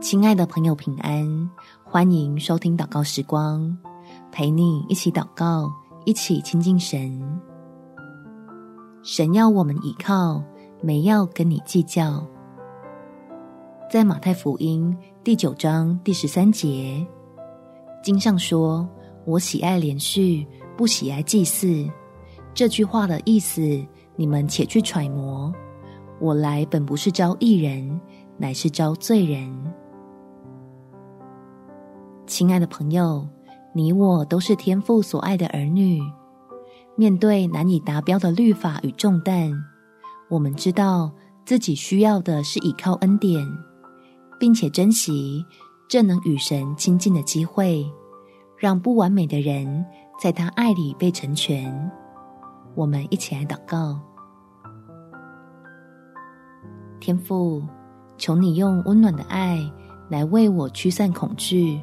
親愛的朋友，平安！歡迎收聽禱告時光，陪你一起禱告，一起親近神。神要我們倚靠，沒要跟你計較。在馬太福音第九章第十三節經上說：“我喜愛憐恤，不喜愛祭祀。”這句話的意思，你們且去揣摩。我來本不是召義人，乃是召罪人。親愛的朋友，你我都是天父所愛的兒女。面對難以達標的律法與重擔，我們知道自己需要的是依靠恩典，並且珍惜這能與神親近的機會，讓不完美的人在他愛裡被成全。我們一起來禱告：天父，求你用溫暖的愛來為我驅散恐懼。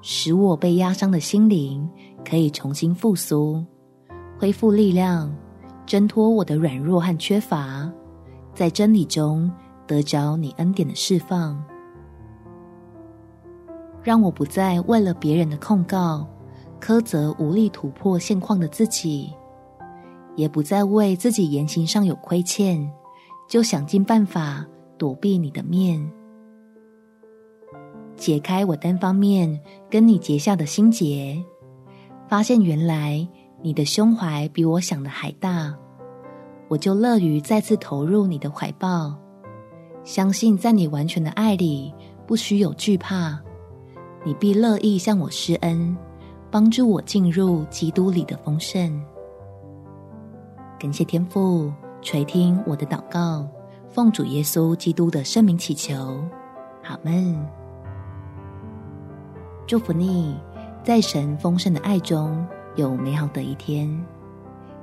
使我被壓傷的心靈可以重新復甦，恢復力量，掙脫我的軟弱和缺乏，在真理中得着你恩典的釋放。讓我不再為了別人的控告，苛責無力突破現況的自己，也不再為自己言行上有虧欠，就想盡辦法躲避你的面。解開我單方面跟你結下的心結，發現原來你的胸懷比我想的還大，我就樂於再次投入你的懷抱。相信在你完全的愛裡，不需有懼怕，你必樂意向我施恩，幫助我進入基督裡的豐盛。感謝天父垂聽我的禱告，奉主耶穌基督的聖名祈求，阿們。祝福你在神豐盛的愛中有美好的一天。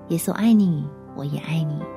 耶穌愛你，我也愛你。